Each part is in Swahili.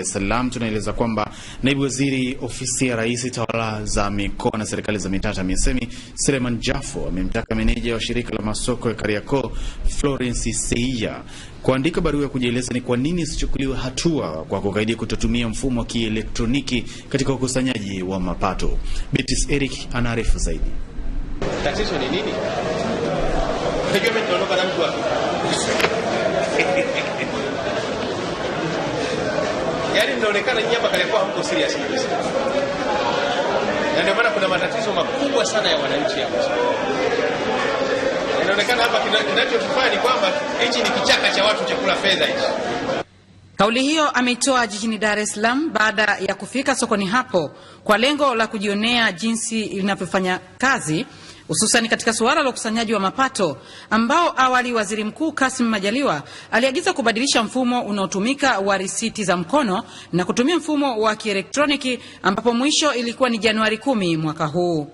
es Salaam tunaeleza kwamba naibu waziri ofisi ya rais tawala za mikoa na serikali za mitaa TAMISEMI seleman Jafo amemtaka meneja wa shirika la masoko ya Kariakoo Florence Seia kuandika barua ya kujieleza ni kwa nini isichukuliwe hatua kwa kukaidi kutotumia mfumo wa kielektroniki katika ukusanyaji wa mapato. Bitis Eric anaarifu zaidi. Tatizo ni nini? inaonekana nyinyi hapa Kariakoo hamko serious kabisa, na ndio maana kuna matatizo makubwa sana ya wananchi hapa. Inaonekana hapa kinachotufanya ni kwamba hichi ni kichaka cha watu chakula fedha hichi. Kauli hiyo ameitoa jijini Dar es Salaam baada ya kufika sokoni hapo kwa lengo la kujionea jinsi linavyofanya kazi hususan katika suala la ukusanyaji wa mapato ambao awali Waziri Mkuu Kassim Majaliwa aliagiza kubadilisha mfumo unaotumika wa risiti za mkono na kutumia mfumo wa kielektroniki ambapo mwisho ilikuwa ni Januari kumi mwaka huu.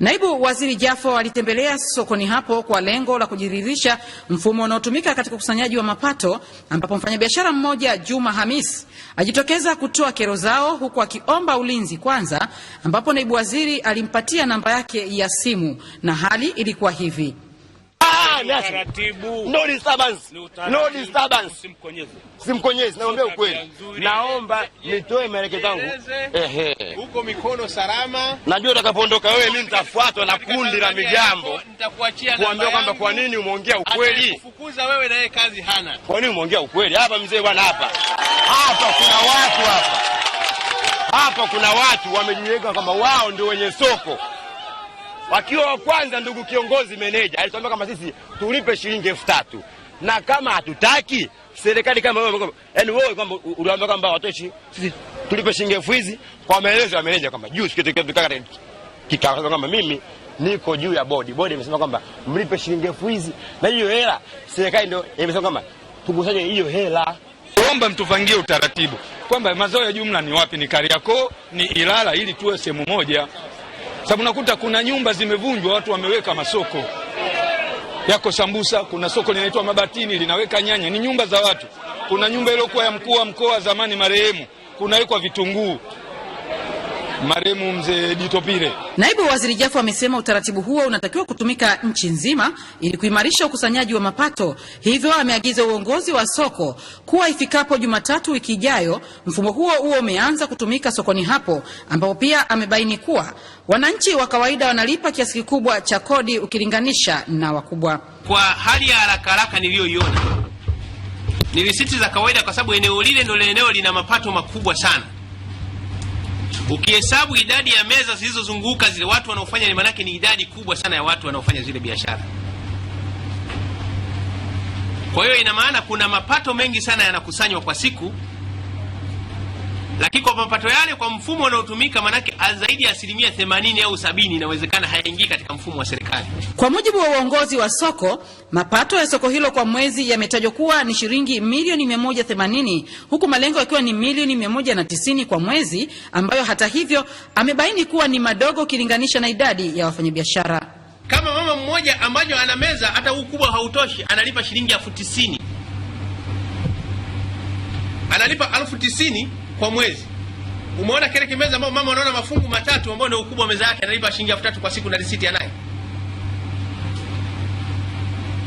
Naibu Waziri Jafo alitembelea sokoni hapo kwa lengo la kujiridhisha mfumo unaotumika katika ukusanyaji wa mapato, ambapo mfanyabiashara mmoja Juma Hamis ajitokeza kutoa kero zao huku akiomba ulinzi kwanza, ambapo naibu waziri alimpatia namba yake ya simu na hali ilikuwa hivi. No disturbance. No disturbance. Simkonyezi, naomba ukweli. Naomba nitoe maelekezo yangu. Ehe. Huko mikono salama. Najua utakapoondoka wewe mimi nitafuatwa na kundi la mijambo. Nitakuachia kuambia kwamba kwa nini umeongea ukweli? Kufukuza wewe na yeye kazi hana. Kwa nini umeongea ukweli? Hapa mzee bwana hapa. Hapa kuna watu hapa. Hapa kuna watu wamejiweka kwamba wao ndio wenye soko wakiwa wa kwanza. Ndugu kiongozi meneja alituambia kama sisi tulipe shilingi elfu tatu na kama hatutaki serikali kama wewe, yaani wewe kwamba uliambia kwamba watoshi sisi tulipe shilingi elfu hizi kwa maelezo ya meneja kwamba juu kitu kaka kikao kama mimi niko juu ya bodi, bodi imesema kwamba mlipe shilingi elfu hizi, na hiyo hela serikali ndio imesema kwamba tukusanye hiyo hela. Omba mtupangie utaratibu kwamba mazao ya jumla ni wapi, ni Kariakoo, ni Ilala, ili tuwe sehemu moja sababu nakuta kuna nyumba zimevunjwa, watu wameweka masoko yako sambusa. Kuna soko linaitwa Mabatini linaweka nyanya, ni nyumba za watu. Kuna nyumba iliyokuwa ya mkuu wa mkoa zamani marehemu kunawekwa vitunguu marehemu mzee Ditopire. Naibu Waziri Jafu amesema utaratibu huo unatakiwa kutumika nchi nzima ili kuimarisha ukusanyaji wa mapato, hivyo ameagiza uongozi wa soko kuwa ifikapo Jumatatu wiki ijayo mfumo huo huo umeanza kutumika sokoni hapo, ambapo pia amebaini kuwa wananchi wa kawaida wanalipa kiasi kikubwa cha kodi ukilinganisha na wakubwa. Kwa hali ya haraka haraka niliyoiona ni risiti za kawaida, kwa sababu eneo lile ndio eneo lina mapato makubwa sana. Ukihesabu idadi ya meza zilizozunguka zile watu wanaofanya, maanake ni idadi kubwa sana ya watu wanaofanya zile biashara. Kwa hiyo ina maana kuna mapato mengi sana yanakusanywa kwa siku lakini kwa mapato yale kwa mfumo unaotumika manake zaidi ya asilimia themanini au sabini inawezekana hayaingii katika mfumo wa serikali. Kwa mujibu wa uongozi wa soko, mapato ya soko hilo kwa mwezi yametajwa kuwa ni shilingi milioni 180 huku malengo yakiwa ni milioni 190 kwa mwezi, ambayo hata hivyo amebaini kuwa ni madogo ukilinganisha na idadi ya wafanyabiashara. Kama mama mmoja ambayo ana meza hata ukubwa hautoshi, analipa shilingi elfu tisini analipa elfu tisini kwa mwezi. Umeona kile kimeza ambao mama anaona mafungu matatu ambao ndio ukubwa wa meza yake, analipa shilingi elfu tatu kwa siku na risiti anayo,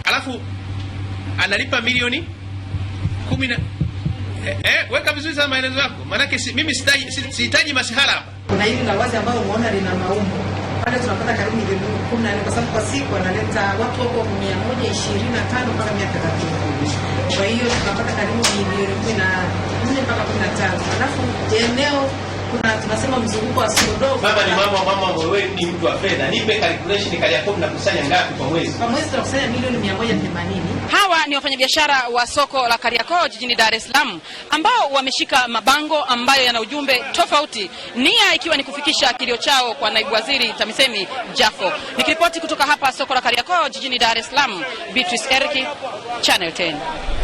alafu analipa milioni kumi na eh, eh, weka vizuri sana maelezo yako, maanake si, mimi sihitaji masihara hapa. Kuna hili la wazi ambao umeona lina maumbo pale tunapata karibu milioni kumi na nne kwa sababu kwa siku analeta watu wako mia moja ishirini na tano mpaka mia thelathini kwa hiyo tunapata karibu milioni kumi na nne mpaka kumi na tano alafu eneo kuna tunasema mzunguko wa Sodoma. Baba ni mama mama, wewe ni mtu wa fedha, nipe calculation kali yako, ngapi kwa mwezi? Kwa mwezi tunakusanya milioni 180 ni wafanyabiashara wa soko la Kariakoo jijini Dar es Salaam ambao wameshika mabango ambayo yana ujumbe tofauti, nia ikiwa ni kufikisha kilio chao kwa naibu waziri TAMISEMI Jafo. Nikiripoti kutoka hapa soko la Kariakoo jijini Dar es Salaam, Beatrice Erki, Channel 10.